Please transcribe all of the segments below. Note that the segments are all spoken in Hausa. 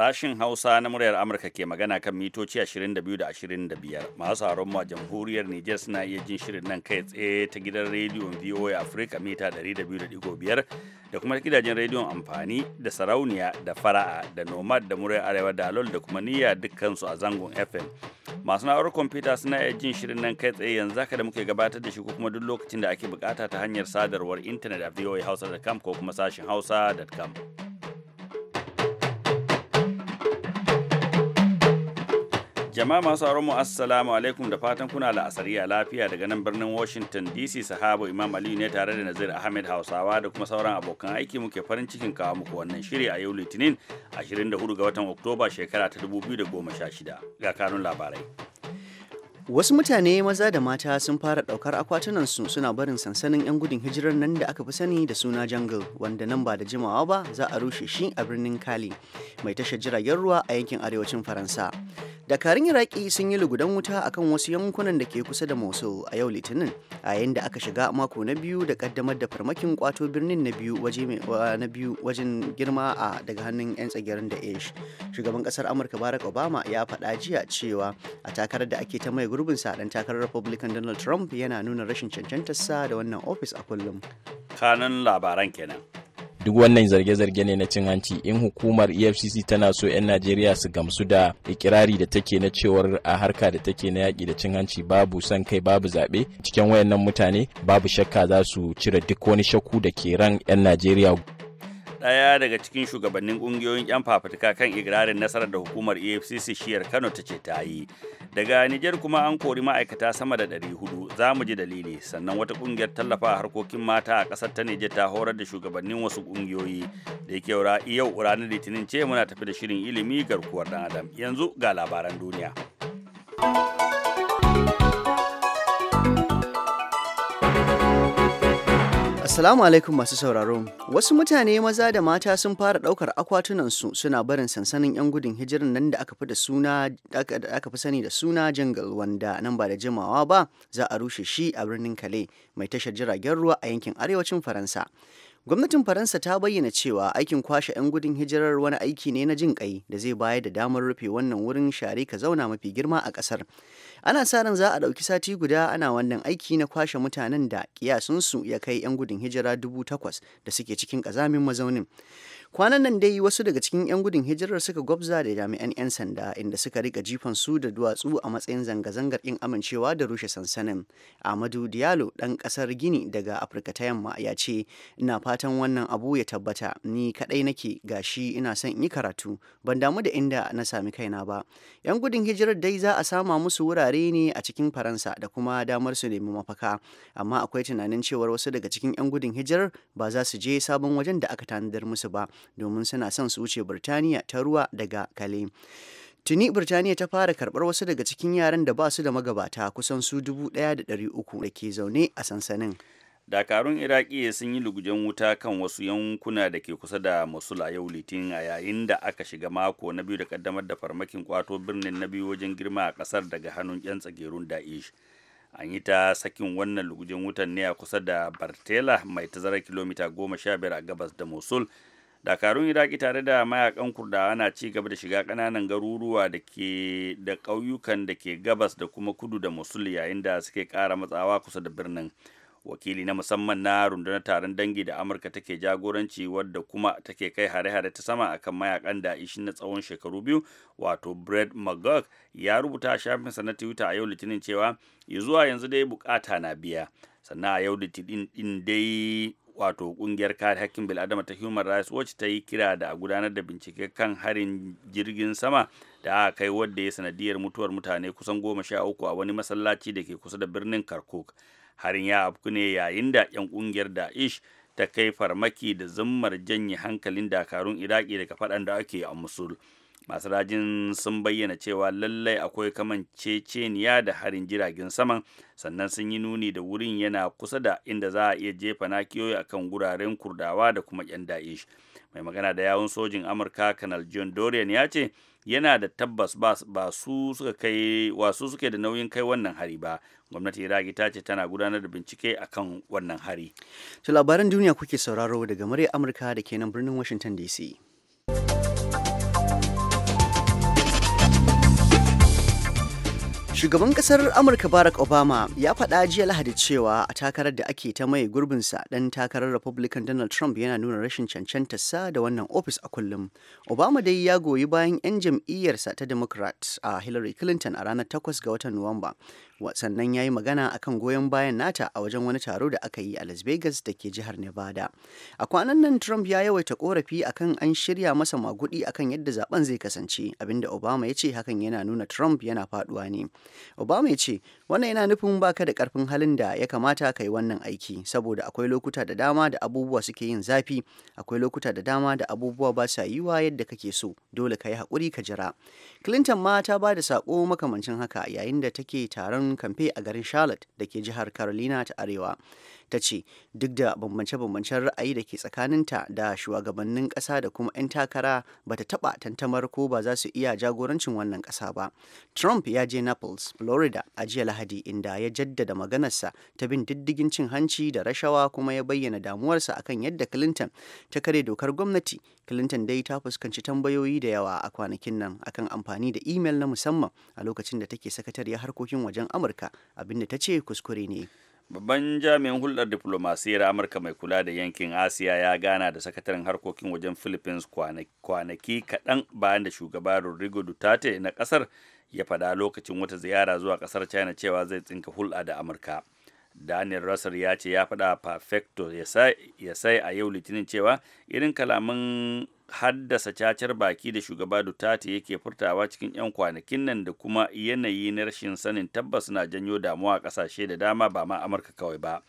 Sashin Hausa na muryar Amurka ke magana kan mitoci 22 da 25. Masu haron ma jamhuriyar Nijar suna iya jin shirin nan kai tsaye ta gidan rediyon VOA Africa mita 200.5 da kuma gidajen rediyon amfani da sarauniya da fara'a da nomad da muryar arewa da alol da kuma niyya dukkansu a zangon FM. Masu na'urar kwamfuta suna iya jin shirin nan kai tsaye yanzu haka da muke gabatar da shi ko kuma duk lokacin da ake bukata ta hanyar sadarwar intanet a voahausa.com ko kuma sashin hausa.com. Jama'a masu sauraron mu assalamu alaikum da fatan kuna a lafiya daga nan birnin Washington DC sahabo Imam Aliyu ne tare da Nazir Ahmed Hausawa da kuma sauran abokan aiki muke farin cikin kawo muku wannan shiri a yau Litinin 24 ga watan Oktoba shekara ta 2016 ga kanun labarai. Wasu mutane maza da mata sun fara ɗaukar su suna barin sansanin 'yan gudun hijirar nan da aka fi sani da suna jungle wanda nan ba da jimawa ba za a rushe shi a birnin Kali mai tashar jiragen ruwa a yankin arewacin Faransa. dakarun iraki sun yi lugudan wuta akan wasu yankunan da ke kusa da mosul a yau litinin a yayin da aka shiga mako na biyu da kaddamar da farmakin kwato birnin na biyu wajen girma a daga hannun 'yan tsagirin da ish shugaban kasar amurka barack obama ya faɗa jiya cewa a takarar da ake ta mai gurbin sa dan takarar republican donald trump yana nuna rashin cancantarsa da wannan ofis a kullum kanan labaran kenan duk wannan zarge-zarge ne na cin hanci in hukumar efcc tana so 'yan najeriya su gamsu da ikirari da take na cewar a harka da take na yaƙi da cin hanci babu son kai babu zaɓe cikin wayannan mutane babu shakka za su cire duk wani shakku da ke ran 'yan najeriya ɗaya daga cikin shugabannin ƙungiyoyin 'yan fafutuka kan igirarin nasarar da hukumar efcc shiyar kano ta ce ta yi daga nijar kuma an kori ma'aikata sama da 400 za mu ji dalili sannan wata ƙungiyar tallafa harkokin mata a ƙasar ta nijar ta horar da shugabannin wasu kungiyoyi da yake yau ranar litinin ce muna tafi da shirin ilimi garkuwar ɗan adam yanzu ga labaran duniya. Assalamu alaikum masu sauraro. Wasu mutane maza da mata sun fara ɗaukar akwatunansu suna barin sansanin 'yan gudun hijirar nan da aka fi sani da suna Jangal wanda nan ba da jimawa ba za a rushe shi a birnin kale mai tashar jiragen ruwa a yankin arewacin Faransa. Gwamnatin Faransa ta bayyana cewa aikin kwashe 'yan gudun hijirar wani aiki ne na jin kai da zai bayar da damar rufe wannan wurin share ka zauna mafi girma a ƙasar. ana sa ran za a ɗauki sati guda ana wannan aiki na kwashe mutanen da kiyasunsu ya kai 'yan gudun hijira dubu takwas da suke cikin ƙazamin mazaunin kwanan nan dai wasu daga cikin 'yan gudun hijirar suka gwabza da jami'an 'yan sanda inda suka rika jifan su da duwatsu a matsayin zanga-zangar in amincewa da rushe sansanin amadu diallo ɗan ƙasar gini daga afirka ta yamma ya ce ina fatan wannan abu ya tabbata ni kaɗai nake gashi ina son in yi karatu ban damu da inda na sami kaina ba 'yan gudun hijirar dai za a sama musu wurare tsare ne a cikin faransa da kuma damar su nemi mafaka amma akwai tunanin cewar wasu daga cikin 'yan gudun hijirar ba za su je sabon wajen da aka tanadar musu ba domin suna son su wuce birtaniya ta ruwa daga kale Tuni Birtaniya ta fara karbar wasu daga cikin yaran da ba su da magabata kusan su 1,300 da ke zaune a sansanin. dakarun iraki sun yi lugujen wuta kan wasu yankuna da ke kusa da mosul a yau litinin a yayin da aka shiga mako na biyu da kaddamar da farmakin kwato birnin na biyu wajen girma a kasar daga hannun yan tsagerun da'ish an yi ta sakin wannan lugujen wutan ne a kusa da bartela mai tazarar kilomita goma sha biyar a gabas da mosul dakarun iraki tare da mayakan kurdawa na ci gaba da shiga kananan garuruwa da ke da ƙauyukan da ke gabas da kuma kudu da mosul yayin da suke ƙara matsawa kusa da birnin wakili na musamman na rundunar taron dangi da amurka take jagoranci wadda kuma take kai hare-hare ta sama akan mayakan da ishi na tsawon shekaru biyu wato brad mcgurk ya rubuta a shafinsa na twitter a yau litinin cewa zuwa yanzu dai bukata na biya sannan a yau litinin dai wato kungiyar kare hakkin bil'adama ta human rights watch ta yi kira da a gudanar da bincike kan harin jirgin sama da aka kai wadda ya sanadiyar mutuwar mutane kusan goma sha uku a wani masallaci da ke kusa da birnin kirkuk harin ya afku ne yayin da 'yan kungiyar da'ish ta kai farmaki da zummar janye hankalin dakarun iraki daga faɗan da ake a musul masu rajin sun bayyana cewa lallai akwai kaman ceceniya da harin jiragen saman sannan sun yi nuni da wurin yana kusa da inda za a iya jefa nakiyoyi akan wuraren kurdawa da kuma 'yan da'ish mai magana da yawun sojin amurka kanal john dorian ya ce yana da tabbas ba su suka kai wasu suke da nauyin kai wannan hari ba gwamnati iraki ta ce tana gudanar da bincike a kan wannan hari to labaran duniya kuke sauraro daga murya amurka da kenan birnin washington dc Shugaban kasar Amurka Barack Obama ya faɗa jiya Lahadi cewa a takarar da ake ta mai gurbinsa ɗan takarar Republican Donald Trump yana nuna rashin cancantarsa da wannan ofis a kullum. Obama dai ya goyi bayan 'yan jam'iyyarsa ta Democrat a Hillary Clinton a ranar 8 ga watan Nuwamba, sannan ya yi magana akan goyon bayan nata a wajen wani taro da aka yi a las vegas da ke jihar nevada a kwanan nan trump ya yawaita korafi akan an shirya masa magudi akan yadda zaben zai kasance abinda obama ya ce hakan yana nuna trump yana faduwa ne obama ya ce wannan yana nufin baka da karfin halin da ya kamata ka yi wannan aiki saboda akwai lokuta da dama da abubuwa suke yin zafi akwai lokuta da dama da abubuwa ba sa yiwa yadda kake so dole ka yi haƙuri ka jira clinton ma ta ba da sako makamancin haka yayin da take taron kamfe a garin charlotte da ke jihar carolina ta arewa ta ce duk da bambance-bambancen ra'ayi da ke tsakaninta da shugabannin ƙasa da kuma 'yan takara ba ta taɓa tantamar ko ba za su iya jagorancin wannan ƙasa ba. Trump ya je Naples, Florida a jiya Lahadi inda ya jaddada maganarsa ta bin diddigin cin hanci da rashawa kuma ya bayyana damuwarsa akan yadda Clinton ta kare dokar gwamnati. Clinton dai ta fuskanci tambayoyi da yawa a kwanakin nan akan amfani da imel na musamman a lokacin da take sakatariyar harkokin wajen Amurka abinda ta ce kuskure ne. babban jami'in hulɗar diflomasiyyar amurka mai kula da yankin asiya ya gana da sakataren harkokin wajen philippines kwanaki kaɗan bayan da shugaba rodrigo duterte na ƙasar ya faɗa lokacin wata ziyara zuwa ƙasar china cewa zai tsinka hulɗa da amurka daniel rasar ya ce ya faɗa perfecto ya sai a yau litinin cewa irin kalaman haddasa cacar baki da shugaba Duterte yake furtawa cikin 'yan kwanakin nan da kuma yanayi na rashin sanin tabbas na janyo damuwa a ƙasashe da dama ba ma amurka kawai ba.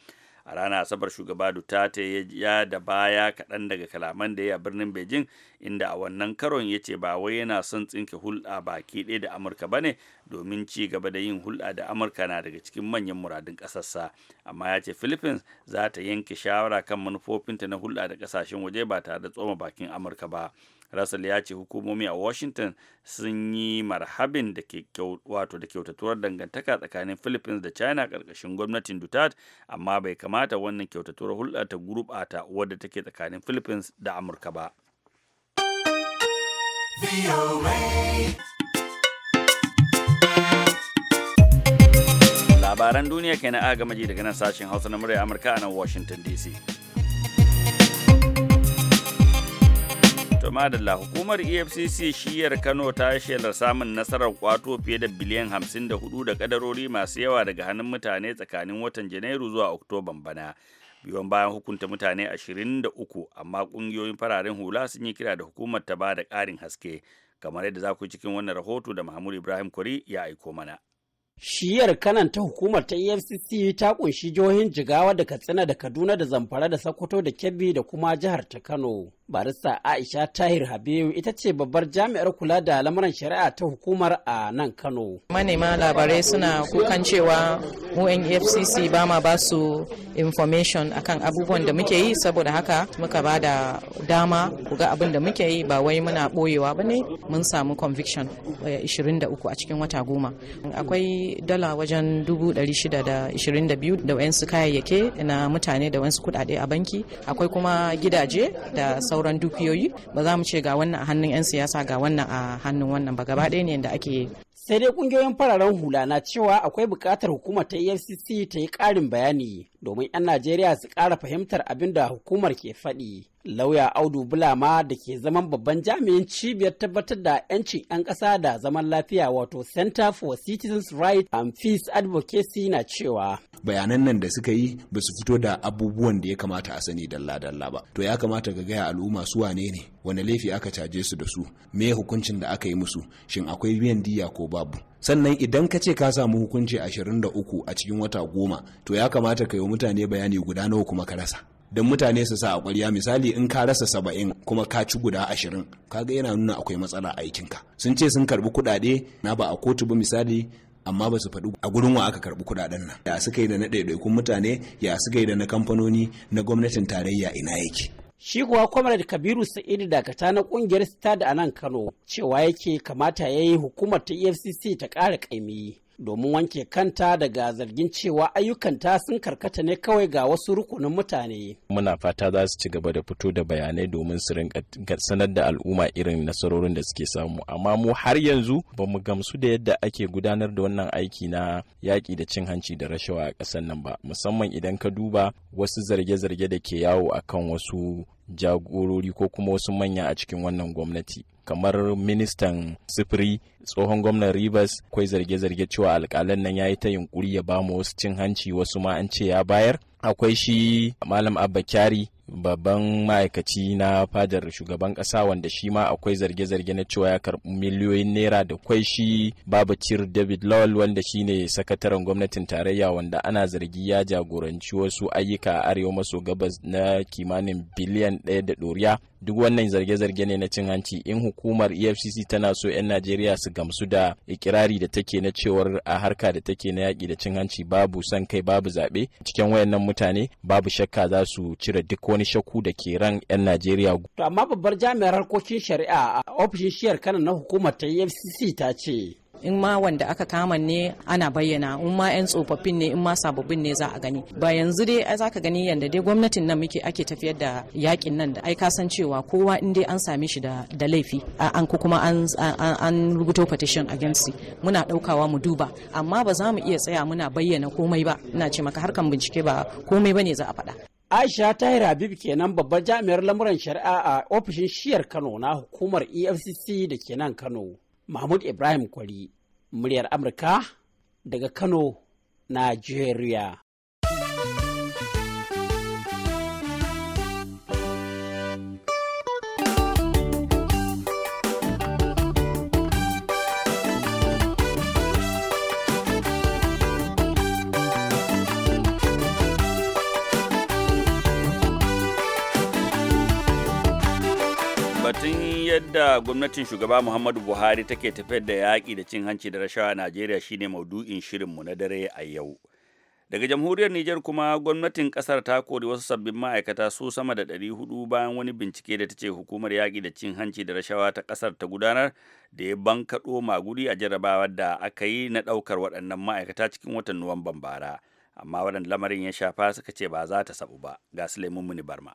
a ranar asabar shugaba duterte ya da baya kaɗan daga kalaman da ya birnin beijing inda a wannan karon ya ce ba wai yana son tsinke hulɗa baki ɗaya da amurka ba ne domin ci gaba da yin hulɗa da amurka na daga cikin manyan muradun ƙasarsa amma ya ce philippines za ta yanke shawara kan manufofinta na hulɗa da ƙasashen waje ba tare da tsoma bakin amurka ba Russell ya ce hukumomi a Washington sun yi marhabin da ke wato da kyautatuwar dangantaka tsakanin Philippines da China karkashin gwamnatin Duterte amma bai kamata wannan kyautatuwar hulɗa ta gurɓata wadda take tsakanin Philippines da Amurka ba. Labaran duniya kenan aka gama ji daga nan sashen Hausa na murya Amurka a nan Washington DC. to madalla hukumar efcc shiyar kano ta shelar samun nasarar kwato fiye da biliyan 54 da kadarori masu yawa daga hannun mutane tsakanin watan janairu zuwa oktoban bana biyon bayan hukunta mutane 23 amma kungiyoyin fararen hula sun yi kira da hukumar ta ba da karin haske kamar yadda za ku cikin wannan rahoto da mahmud ibrahim kuri ya aiko mana shiyar kanan ta hukumar ta efcc ta kunshi jihohin jigawa da katsina da kaduna da zamfara da sokoto da kebbi da kuma jihar ta kano barista aisha tahir habibu ita ce babbar jami'ar kula da lamuran shari'a ta hukumar a nan kano manema labarai suna kukan cewa mu efcc ba ma ba su information akan abubuwan da muke yi saboda haka muka ba da dama ga abin da muke yi ba wai muna boyewa ba ne mun samu conviction 23 eh, a cikin wata goma akwai dala wajen 622 da wayansu kayayyake na mutane da wayansu kudade a banki akwai kuma gidaje da sauran sauran dukiyoyi ba za mu ce ga wannan a hannun 'yan siyasa ga wannan a hannun wannan ba gaba ɗaya ne da ake sai dai kungiyoyin fararen hula na cewa akwai buƙatar hukumar ta efcc ta yi ƙarin bayani domin 'yan najeriya su ƙara fahimtar abin da hukumar ke faɗi lauya audu bulama da ke zaman babban jami'in cibiyar tabbatar da 'yancin 'yan ƙasa da zaman lafiya wato center for citizens rights and peace advocacy na cewa bayanan nan da suka yi ba su fito da abubuwan da ya kamata a sani dalla-dalla ba to ya kamata ka gaya al'umma su wane ne wani laifi aka caje su da su me hukuncin da aka yi musu shin akwai biyan diya ko babu sannan idan ka ce ka samu hukunci 23 a cikin wata goma to ya kamata ka yi mutane bayani guda nawa kuma ka rasa don mutane su sa a ƙwarya misali in ka rasa saba'in kuma ka ci guda ashirin ka ga yana nuna akwai matsala a aikinka sun ce sun karbi kuɗaɗe na ba a kotu ba misali amma ba su faɗi a gurin wa aka karɓi kuɗaɗen nan ya suka yi da na ɗaiɗaikun mutane ya suka yi da na kamfanoni na gwamnatin tarayya ina yake shi kuwa comrade kabiru sa'idu dakata na ƙungiyar sita a nan kano cewa yake kamata ya yi hukumar ta efcc ta ƙara ƙaimi domin wanke kanta daga zargin cewa ayyukanta sun karkata ne kawai ga wasu rukunin mutane. Muna fata za su ci gaba da fito da bayanai domin su rinka sanar da al'umma irin nasarorin da suke samu. Amma mu har yanzu ba mu gamsu da yadda ake gudanar da wannan aiki na yaƙi da cin hanci da rashawa a ƙasar nan ba. Musamman idan ka duba wasu zarge-zarge da ke yawo akan wasu jagorori ko kuma wasu manya a cikin wannan gwamnati kamar ministan sufuri tsohon gwamnan rivers akwai zarge-zarge cewa alkalan nan ya yi ta yunkuri ya ba mu wasu cin hanci wasu ma an ce ya bayar akwai shi malam abba kyari babban ma'aikaci na fadar shugaban kasa wanda shi ma akwai zarge-zarge na cewa ya karbi miliyoyin naira da kwai shi babu cir david lawal wanda shi ne sakataren gwamnatin tarayya wanda ana zargi ya jagoranci wasu ayyuka a arewa maso gabas na kimanin biliyan ɗaya da ɗoriya duk wannan zarge-zarge ne na cin hanci in hukumar efcc tana so 'yan najeriya su gamsu da ikirari da take na cewar a harka da take na yaƙi da cin hanci babu son kai babu zaɓe cikin wayannan mutane babu shakka za su cire duk wani wani shakku da ke ran 'yan Najeriya. To amma babbar jami'ar harkokin shari'a a ofishin shiyar kana na hukumar ta EFCC ta ce. in ma wanda aka kama ne ana bayyana in ma 'yan tsofaffin ne in ma sababbin ne za a gani ba yanzu dai za ka gani yanda dai gwamnatin nan muke ake tafiyar da yakin nan da ai san cewa kowa in dai an same shi da laifi an ko kuma an rubuto petition against muna daukawa mu duba amma ba za mu iya tsaya muna bayyana komai ba ina ce maka harkan bincike ba komai ne za a faɗa Aisha Tahir Habib kenan babbar jami'ar lamuran shari'a a ofishin shiyar Kano na hukumar EFCC da ke nan Kano. Mahmud Ibrahim Kwari, muryar Amurka daga Kano, Najeriya. yadda gwamnatin shugaba Muhammadu Buhari take tafiyar da yaƙi da cin hanci da rashawa a Najeriya shine maudu'in shirinmu na dare a yau. Daga jamhuriyar Nijar kuma gwamnatin ƙasar ta kori wasu sabbin ma'aikata su sama da 400 bayan wani bincike da ta ce hukumar yaƙi da cin hanci da rashawa ta ƙasar ta gudanar da ya bankaɗo maguri a jarrabawar da aka yi na ɗaukar waɗannan ma'aikata cikin watan Nuwamban bara. Amma waɗanda lamarin ya shafa suka ce ba za ta sabu ba. Ga Suleiman Muni Barma.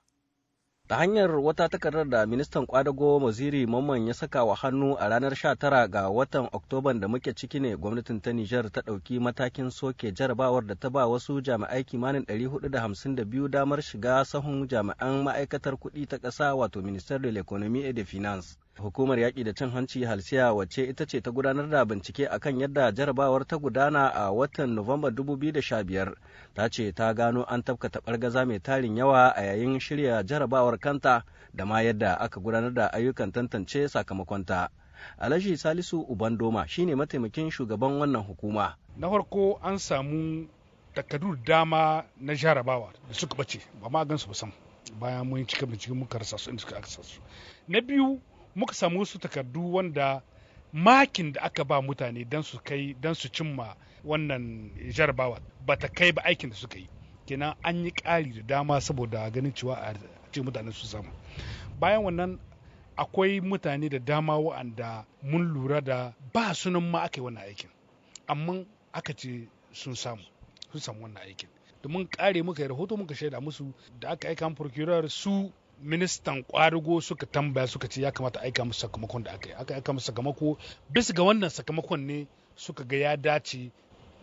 ta hanyar wata takardar da ministan kwadago maziri mamman ya saka wa hannu a ranar 19 ga watan oktoban da muke ciki ne gwamnatin ta nijar ta ɗauki matakin soke jarabawar da ta ba wasu jami'ai kimanin 452 damar shiga sahun jami'an ma'aikatar kuɗi ta ƙasa wato minister da da finance Hukumar yaƙi da cin hanci halsiya wacce ita ce ta gudanar da bincike a kan yadda jarabawar ta gudana a watan Nuwamba 2015 ta ce ta gano an tafkata ɓargaza mai tarin yawa a yayin shirya jarabawar kanta da ma yadda aka gudanar da ayyukan tantance sakamakonta. Alhaji Salisu Ubandoma shine mataimakin shugaban wannan hukuma. Na farko an samu takardu dama na jarabawa da suka bace ba ma gan su ba sam bayan mun cika bincike muka rasa su inda suka rasa su. Na biyu muka samu wasu takardu wanda makin da aka ba mutane don su kai don su cimma wannan jarabawa ba ta kai ba aikin da suka yi kenan an yi ƙari da dama saboda ganin cewa a ce mutane su samu bayan wannan akwai mutane da dama wa'anda mun lura da ba sunan ma aka yi wannan aikin amma aka ce sun samu sun samu wannan aikin domin kare muka yi rahoto muka shaida musu da aka aika procurer su ministan ƙwadago suka tambaya suka ce ya kamata aika musu sakamakon da aka yi aka aika musu sakamako bisa ga wannan sakamakon ne suka ga ya dace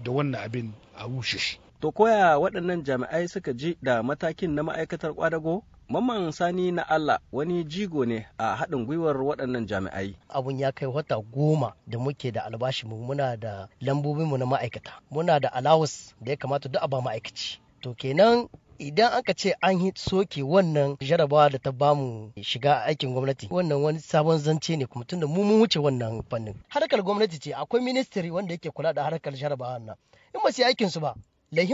da wannan abin a rushe shi to koya waɗannan jami'ai suka ji da matakin na ma'aikatar kwadago Mamman Sani na Allah wani jigo ne a haɗin gwiwar waɗannan jami'ai. Abun ya kai wata goma da muke da mu muna da lambobinmu na ma'aikata. Muna da alawus da ya kamata duk a ba ma'aikaci. To kenan idan aka ce an yi soke wannan jarabawa da ta bamu shiga aikin gwamnati wannan wani sabon zance ne kuma tunda mu mun wuce wannan fannin harkar gwamnati ce akwai ministry wanda yake kula da harkar jarabawa nan in ba su aikin su ba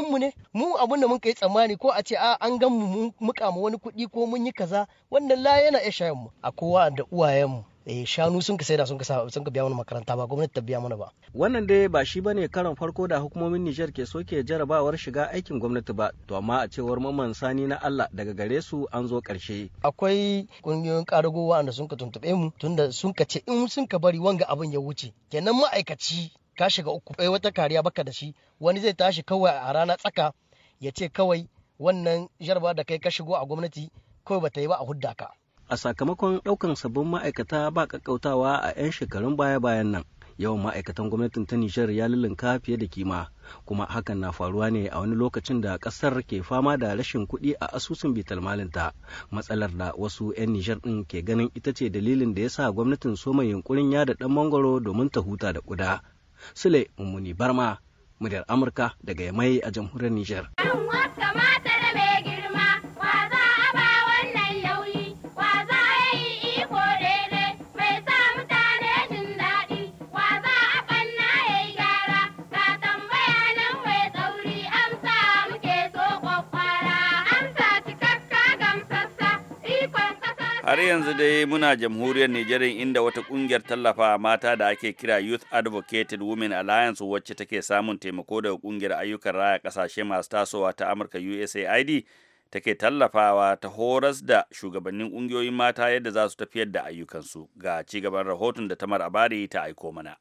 mu ne mu abin da mun kai tsammani ko a ce a an gan mu muka wani kuɗi ko mun yi kaza wannan la yana iya shayan mu a kowa da uwayen mu Eh, shanu sun ka saida sun ka sun ka biya mana makaranta ba gwamnati ta biya mana ba wannan dai ba shi bane karon farko da hukumomin Nijar ke soke jarabawar shiga aikin gwamnati ba to amma a cewar maman sani na Allah daga gare su an zo karshe akwai kungiyoyin karago wanda sun ka tuntube mu tunda sun ka ce in sun ka bari wanga abin ya wuce kenan ma'aikaci ka shiga uku Eh wata kariya baka da shi wani zai tashi kawai a rana tsaka ya ce kawai wannan jarba da kai ka shigo a gwamnati kawai bata yi ba a hudda ka a sakamakon ɗaukan sabbin ma'aikata ba ƙaƙƙautawa a 'yan shekarun baya-bayan nan. Yawan ma'aikatan gwamnatin ta Nijar ya lullunka fiye da kima, kuma hakan na faruwa ne a wani lokacin da ƙasar ke fama da rashin kuɗi a asusun bitar malinta. Matsalar da wasu 'yan Nijar ɗin ke ganin ita ce dalilin da ya sa gwamnatin soma yunkurin yada ɗan mangoro domin ta huta da ƙuda. Sule Mummuni Barma, muryar Amurka daga Yamai a jamhuriyar Nijar. har yanzu dai muna jamhuriyar Nijar inda wata kungiyar tallafa mata da ake kira Youth Advocated Women Alliance wacce take samun taimako daga kungiyar ayyukan raya kasashe masu tasowa ta Amurka USAID take tallafawa ta horas da shugabannin kungiyoyin mata yadda za su tafiyar da ayyukansu ga cigaban rahoton da Tamar Abari ta aiko mana.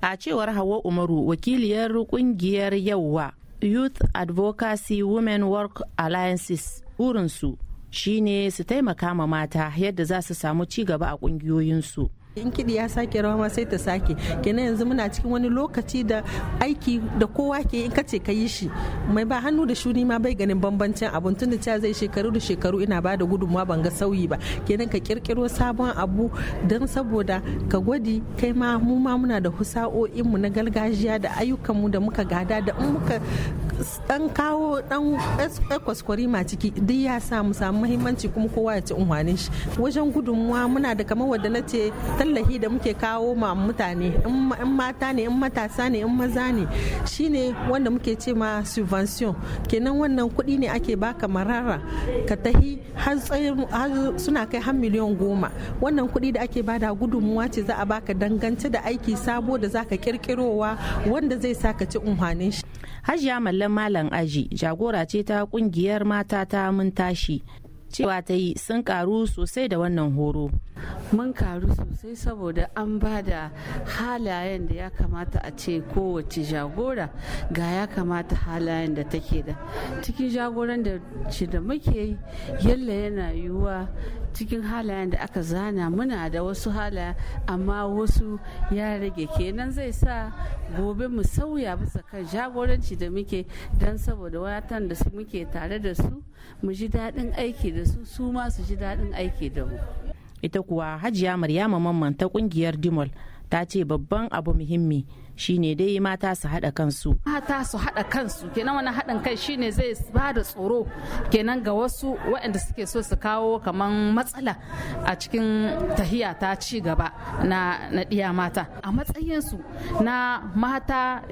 A cewar Hawa Umaru wakiliyar kungiyar Yauwa Youth Advocacy Women Work Alliances burinsu shine su taimaka ma mata yadda za su samu ci gaba a ƙungiyoyinsu. in kiɗi ya sake rawa ma sai ta sake kenan yanzu muna cikin wani lokaci da aiki da kowa ke in kace ka yi shi mai ba hannu da shuni ma bai ganin bambancin abun tun da cewa zai shekaru da shekaru ina ba da gudunmawa ban ga sauyi ba kenan ka kirkiro sabon abu don saboda ka gwadi kai ma mu ma muna da husa'o'in mu na gargajiya da ayyukan mu da muka gada da in muka dan kawo dan kwaskwari ma ciki duk ya samu samu muhimmanci kuma kowa ya ci unhwanin shi wajen gudunmawa muna da kamar wadda na ce tallahi da muke kawo ma mutane in mata ne in matasa ne in maza ne shine wanda muke ce ma subvention kenan wannan kuɗi ne ake baka marara ka tahi har suna kai har miliyan goma wannan kuɗi da ake bada gudunmuwa ce za a baka dangance da aiki sabo da ka kirkirowa wanda zai sa ka ci unhanin shi hajiya mallan malam aji jagora ce ta kungiyar mata ta mun tashi cewa ta yi sun karu sosai da wannan horo mun karu sosai saboda an ba da halayen da ya kamata a ce kowace jagora ga ya kamata halayen da take da cikin jagoran da muke yalla yana yiwuwa cikin halayen da aka zana muna da wasu hala amma wasu ya rage kenan zai sa gobe mu sauya bisa kan jagoranci da muke don saboda watan da su muke tare da su mu ji daɗin aiki da su su ma su ji daɗin aiki da mu ita kuwa hajiya maryama mamman ta ƙungiyar dimol ta ce babban abu muhimmi shine dai mata su haɗa kansu. Mata su haɗa kansu kenan wani haɗin kai shine zai ba da tsoro kenan ga wasu waɗanda suke so su kawo kamar matsala a cikin tahiya ta ci gaba na ɗiya mata. A matsayinsu na mata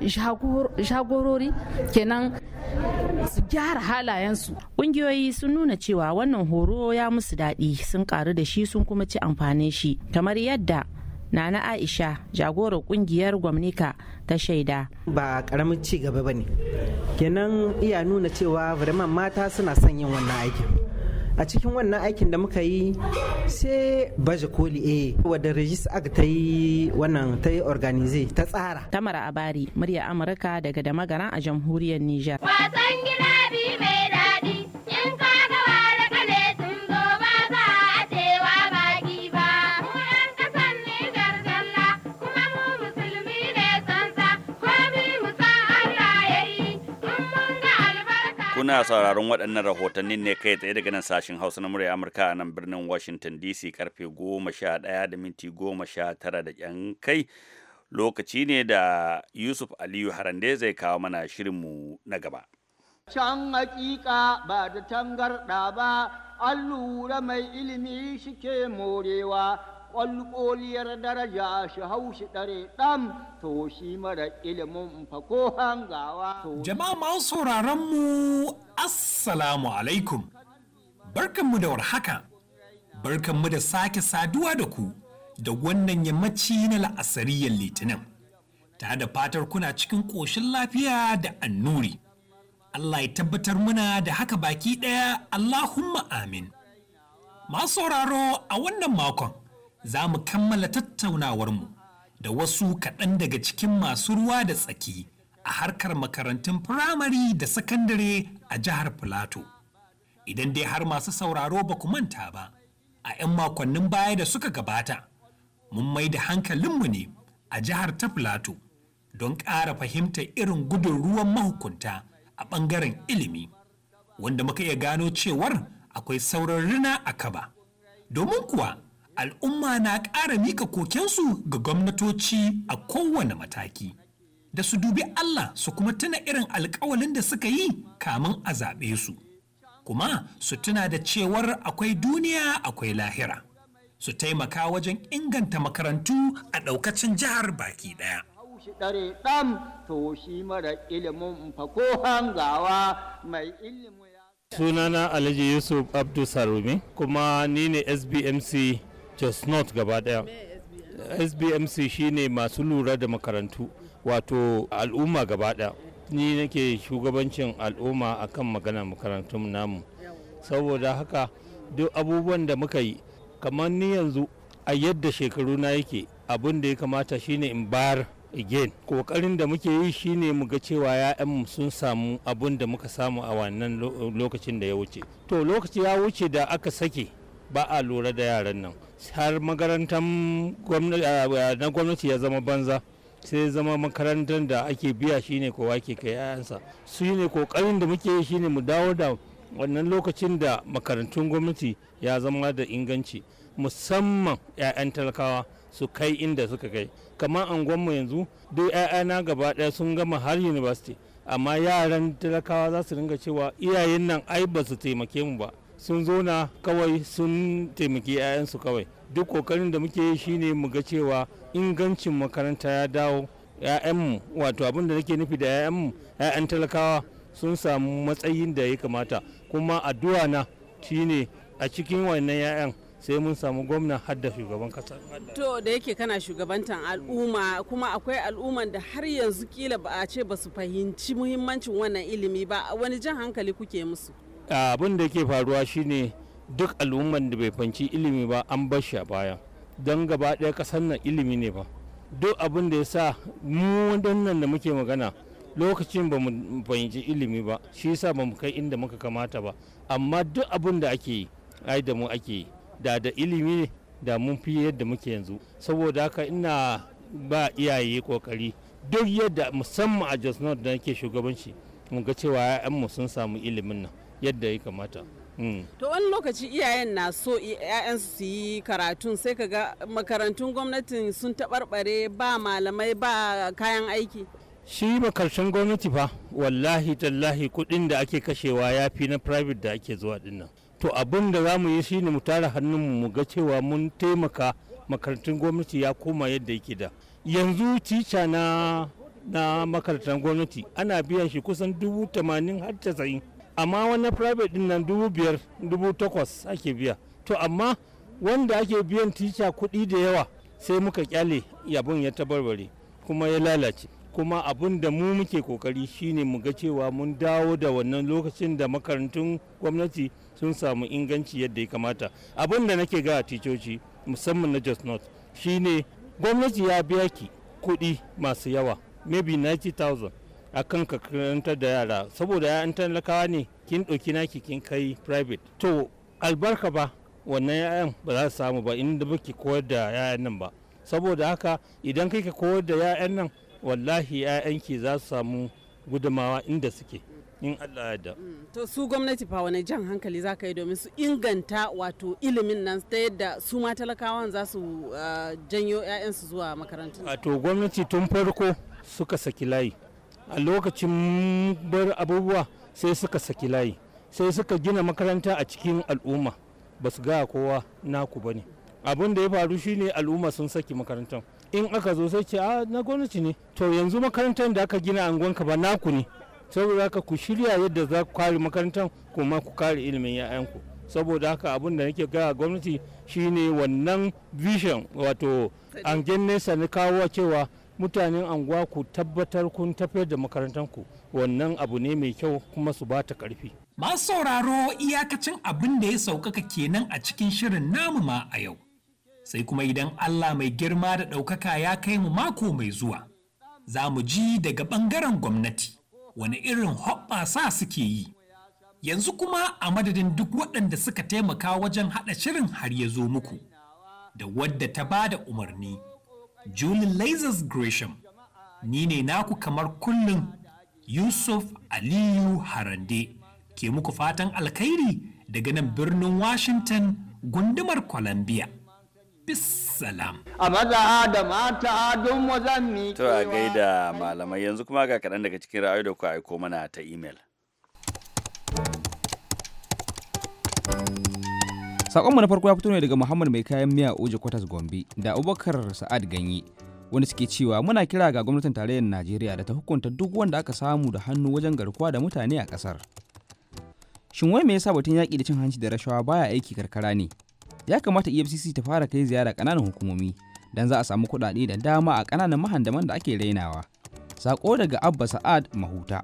jagorori kenan su gyara halayensu. Ƙungiyoyi sun nuna cewa wannan horo ya musu daɗi sun ƙaru da shi sun kuma ci amfanin shi kamar yadda Nana Aisha jagorar kungiyar gwamnika ta shaida. Ba karamin ci gaba ba ne. Kenan iya nuna cewa vraiment mata suna son yin wannan aikin. A cikin wannan aikin da muka yi sai baje koli a eh, wadda Regis Ag ta yi wannan ta yi organize ta tsara. Tamara Abari, murya Amurka daga da a jamhuriyar Nijar. Wasan gida kuna sauraron waɗannan rahotannin ne kai tsaye daga nan sashen hausa na murya amurka a nan birnin washington dc karfe ɗaya da minti tara da yan kai lokaci ne da yusuf aliyu harande zai kawo mana shirinmu na gaba Can hakika ba da tangarɗa ba, an lura mai ilimi shike morewa ƙwalƙoliyar daraja shi haushi ɗare ɗan to shi mara ilimin fa ko hangawa. Jama'a ma sauraron mu Assalamu alaikum. Barkanmu da warhaka. Barkanmu da sake saduwa da ku da wannan yammaci na la'asariyar litinin. Ta da fatar kuna cikin ƙoshin lafiya da annuri. Allah ya tabbatar muna da haka baki ɗaya Allahumma amin. Masu sauraro a wannan makon. za mu kammala tattaunawarmu da wasu kaɗan daga cikin masu ruwa da tsaki a harkar makarantun firamare da sakandare a jihar Filato. Idan dai har masu sauraro ba ku manta ba, a 'yan makonnin baya da suka gabata, mun mai da hankalinmu ne a jihar ta Filato don ƙara fahimtar irin gudun ruwan mahukunta a ɓangaren ilimi, wanda muka iya gano cewar akwai sauran rina a kaba. Domin kuwa al'umma na ƙara mika kokensu ga gwamnatoci a kowane mataki da su dubi Allah su kuma tuna irin alkawalin da suka yi kamun a zaɓe su kuma su tuna da cewar akwai duniya akwai lahira su taimaka wajen inganta makarantu a ɗaukacin jihar baki ɗaya. sunana alhaji yusuf abdu sarumi kuma ni ne sbmc jos north gaba daya sbmc shine masu lura da makarantu wato al'umma gaba daya ni nake shugabancin al'umma akan magana makarantun namu saboda haka duk abubuwan da muka yi kamar ni yanzu a yadda shekaru na yake abin da ya kamata shine in bayar again kokarin da muke yi shine mu ga cewa ya'yanmu sun samu abin da muka samu a wannan lokacin da ya wuce to lokaci ya wuce da aka sake ba a lura da yaran nan har makarantar na gwamnati ya zama banza sai zama makarantar da ake biya shine kowa ke kai yayansa su ne kokarin da muke yi shine mu dawo da wannan lokacin da makarantun gwamnati ya zama da inganci musamman 'ya'yan talakawa su kai inda suka kai kamar angonmu yanzu duk 'ya'yana gaba ɗaya sun gama har university amma yaran talakawa za su ringa cewa iyayen nan ai ba su taimake mu ba sun na kawai sun taimaki 'ya'yansu kawai duk kokarin da muke yi shine mu ga cewa ingancin makaranta ya dawo 'ya'yanmu wato abin da nake nufi da 'ya'yanmu 'ya'yan talakawa sun samu matsayin da ya kamata kuma addu'a na shine a cikin wannan 'ya'yan sai mun samu gwamna har da shugaban kasa. To da yake kana shugabantan al'umma kuma akwai al'umman da har yanzu kila ba a ce ba su fahimci muhimmancin wannan ilimi ba wani jan hankali kuke musu. abin da yake faruwa shine duk al'umman da bai fanci ilimi ba an bashi a baya don gaba ɗaya ƙasar nan ilimi ne ba duk abin da ya sa mu nan da muke magana lokacin ba mu fahimci ilimi ba shi yasa ba mu kai inda muka kamata ba amma duk abin da ake yi ai da mu ake yi da da ilimi ne da mun fi yadda muke yanzu saboda haka ina ba iyaye kokari duk yadda musamman a jos nord da nake shugabanci mun ga cewa 'ya'yanmu sun samu ilimin nan yadda ya kamata mm. to wani lokaci iyayen na so 'ya'yansu su yi karatun sai ka ga makarantun gwamnatin sun taɓarɓare ba malamai ba kayan aiki shi makarshen gwamnati ba wallahi tallahi kuɗin da ake kashewa ya fi na private da ake zuwa dinnan to abin da za mu yi shi ne mu tara hannunmu mu ga cewa mun taimaka makarantun gwamnati ya koma yadda yake da yanzu tica na na makarantar gwamnati ana biyan shi kusan dubu tamanin har casa'in amma wani private din nan dubu biyar dubu takwas ake biya to amma wanda ake biyan tica kuɗi da yawa sai muka kyale yabon ya tabarbare kuma ya lalace kuma abin da mu muke kokari shine mu ga cewa mun dawo da wannan lokacin da makarantun gwamnati sun samu inganci yadda ya kamata abin da nake ga ticoci musamman na just north shine gwamnati ya biya ki kuɗi masu yawa maybe 90,000 akan ka karantar da yara saboda ya talakawa ne kin ɗauki naki kin kai private to albarka ba wannan yayan ba za su samu ba inda baki koyar da yayan nan ba saboda haka idan kai ka koyar da yayan nan wallahi ki za su samu gudumawa inda suke in Allah ya da. Mm, to su gwamnati fa wani jan hankali za ka yi domin su inganta wato ilimin nan ta yadda su ma talakawan za su ah, janyo 'ya'yansu zuwa makarantu. Wato gwamnati tun farko suka saki layi a lokacin bar abubuwa sai suka saki layi sai suka gina makaranta a cikin al'umma ba su gaya kowa naku ba ne abin da ya faru shine al'umma sun saki makarantar in aka zo sai ce a na gwamnati ne to yanzu makarantar da aka gina angonka ba naku ne saboda haka ku shirya yadda za ku kare makarantar kuma ku kare ilimin 'ya'yanku saboda haka abin da nake gaya gwamnati shine wannan vision wato an nesa na kawo cewa mutanen anguwa ku tabbatar kun tafiyar da makarantanku wannan abu ne mai kyau kuma su ba ta karfi. Masu sauraro iyakacin abin da ya saukaka kenan a cikin shirin namu ma a yau. Sai kuma idan Allah mai girma da ɗaukaka ya kai mu mako mai zuwa, za mu ji daga ɓangaren gwamnati wani irin hoɓɓasa suke yi. Yanzu kuma a madadin duk waɗanda suka taimaka wajen haɗa shirin har ya zo muku, da wadda ta ba da umarni. Julie Lazarus Gresham, ni ne naku kamar kullum Yusuf Aliyu Harande, ke muku fatan alkhairi daga nan birnin Washington gundumar Columbia. Bissalam. A maza da mata don Mozambique. To a gaida malamai yanzu kuma ga kaɗan daga cikin ra'ayi da ku aiko mana ta imel. Sakonmu na farko ya fito ne daga Muhammad mai kayan miya Oje Kwatas Gombe da Abubakar Sa'ad Ganye wanda suke cewa muna kira ga gwamnatin tarayyar Najeriya da ta hukunta duk wanda aka samu da hannu wajen garkuwa da mutane a kasar. Shin wai me yasa batun yaƙi da cin hanci da rashawa baya aiki karkara ne? Ya kamata EFCC ta fara kai ziyara ƙananan hukumomi don za a samu kuɗaɗe da dama a ƙananan mahandaman da ake rainawa. Sako daga Abba Sa'ad Mahuta.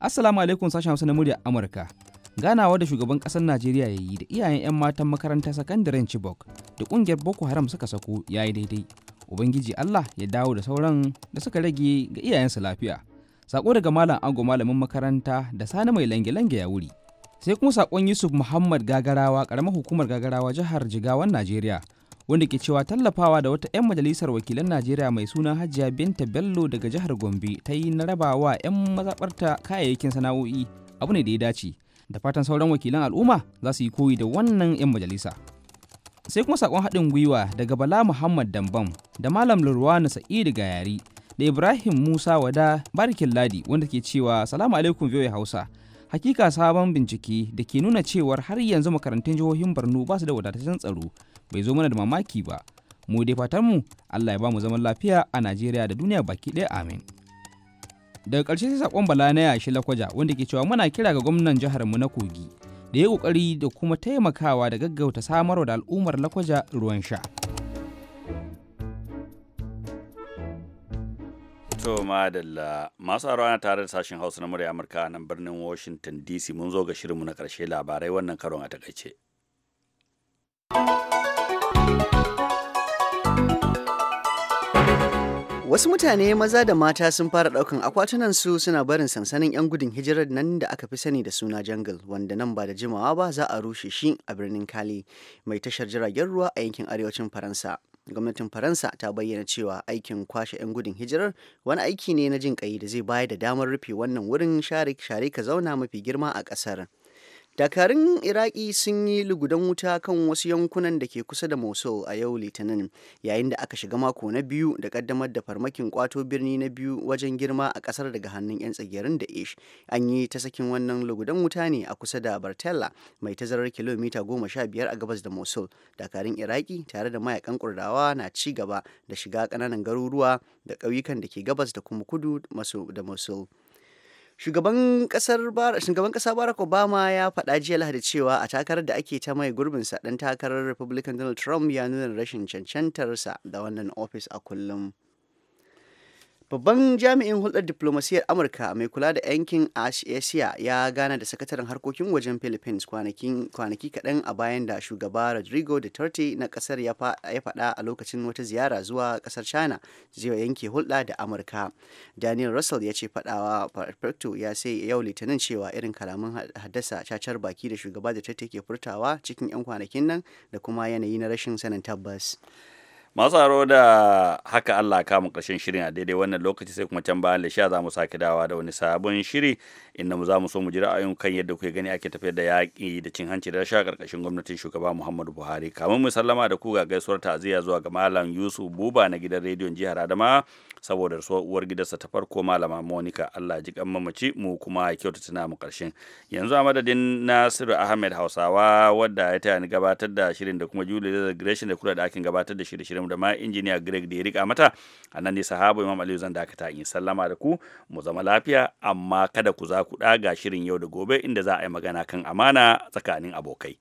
Assalamu alaikum sashen Hausa na murya Amurka. ganawa da shugaban ƙasar najeriya ya yi da iyayen 'yan matan makarantar sakandaren chibok da ƙungiyar boko haram suka sako ya yi daidai ubangiji allah ya dawo da sauran da suka rage ga iyayensu lafiya sako daga malam ago malamin makaranta da sani mai lange-lange ya wuri sai kuma sakon yusuf muhammad gagarawa karamar hukumar gagarawa jihar jigawan najeriya wanda ke cewa tallafawa da wata 'yan majalisar wakilan najeriya mai suna hajiya binta bello daga jihar gombe ta yi na rabawa 'yan mazabarta kayayyakin sana'o'i abu ne da ya dace da fatan sauran wakilan al'umma za su yi koyi da wannan 'yan majalisa sai kuma sakon haɗin gwiwa daga bala muhammad dambam da malam lurwana sa'idu gayari da ibrahim musa wada barikin ladi wanda ke cewa salamu alaikum viyoyi hausa hakika sabon bincike da ke nuna cewar har yanzu makarantun jihohin borno ba su da wadataccen tsaro bai zo mana da mamaki ba mu dai fatanmu allah ya ba mu zaman lafiya a najeriya da duniya baki ɗaya amin daga ƙarshe sai saƙon bala na yashi lakwaja wanda ke cewa muna kira ga gwamnan jihar mu na kogi da ya kokari da kuma taimakawa da gaggauta samarwa da al'ummar lakwaja ruwan sha to madalla masu aro ana tare da sashen hausa na murya amurka nan birnin washington dc mun zo ga shirinmu na ƙarshe labarai wannan karon a takaice Wasu mutane maza da mata sun fara ɗaukan akwatunan su suna barin sansanin 'yan gudun hijirar nan da aka fi sani da suna jungle wanda nan ba da jimawa ba za a rushe shi a birnin Kali mai tashar jiragen ruwa a yankin arewacin Faransa. Gwamnatin Faransa ta bayyana cewa aikin kwashe 'yan gudun hijirar wani aiki ne na jin ƙai da zai bayar da damar rufe wannan wurin share ka zauna mafi girma a ƙasar. dakarun iraki sun yi lugudan wuta kan wasu yankunan da ke kusa da mosul a yau litinin yayin da aka shiga mako na biyu da kaddamar da farmakin kwato birni na biyu wajen girma a kasar daga hannun 'yan tsagerin da ish an yi ta sakin wannan lugudan wuta ne a kusa da bartella mai tazarar kilomita goma sha biyar a gabas da mosul dakarun iraki tare da mayakan kurdawa na ci gaba da shiga ƙananan garuruwa da ƙauyukan da ke gabas da kuma kudu da mosul Shugaban kasar Barack Obama ya faɗa jiya Lahadi cewa a takarar da ake ta mai gurbin sa ɗan takarar Republican Donald Trump ya nuna rashin cancantarsa da wannan ofis a kullum. Babban jami'in hulɗar diflomasiyyar Amurka mai kula da yankin Asia ya gana da sakataren harkokin wajen Philippines kwanaki kaɗan a bayan da shugaba Rodrigo Duterte na ƙasar ya faɗa a lokacin wata ziyara zuwa ƙasar China zai yanke hulɗa da Amurka. Daniel Russell ya ce faɗawa Perfecto ya sai yau litinin cewa irin kalaman haddasa cacar baki da shugaba Duterte ke furtawa cikin 'yan kwanakin nan da kuma yanayi na rashin sanin tabbas. masu haro da haka Allah kamun ƙarshen shirin a daidai wannan lokaci sai kuma can bayan sha za mu sake dawa da wani sabon shiri inda mu za mu so mu ji ra'ayin kan yadda kuke gani ake tafiyar da yaƙi da cin hanci da rasha ƙarƙashin gwamnatin shugaba Muhammadu Buhari kamun mu sallama da ku ga gaisuwar ta'aziyya zuwa ga Malam Yusuf Buba na gidan rediyon jihar Adama saboda rasuwar uwar gidansa ta farko Malama Monica Allah ji kan mamaci mu kuma kyauta tuna mu ƙarshen yanzu a madadin Nasiru Ahmed Hausawa wadda ya taya ni gabatar da shirin da kuma Julie da Gresham da kula da akin gabatar da shirye-shiryen Maryam da ma injiniya Greg da ya rika mata a nan ne sahabo Imam Aliyu zan dakata in sallama da ku mu zama lafiya amma kada ku za ku ɗaga shirin yau da gobe inda za a yi magana kan amana tsakanin abokai.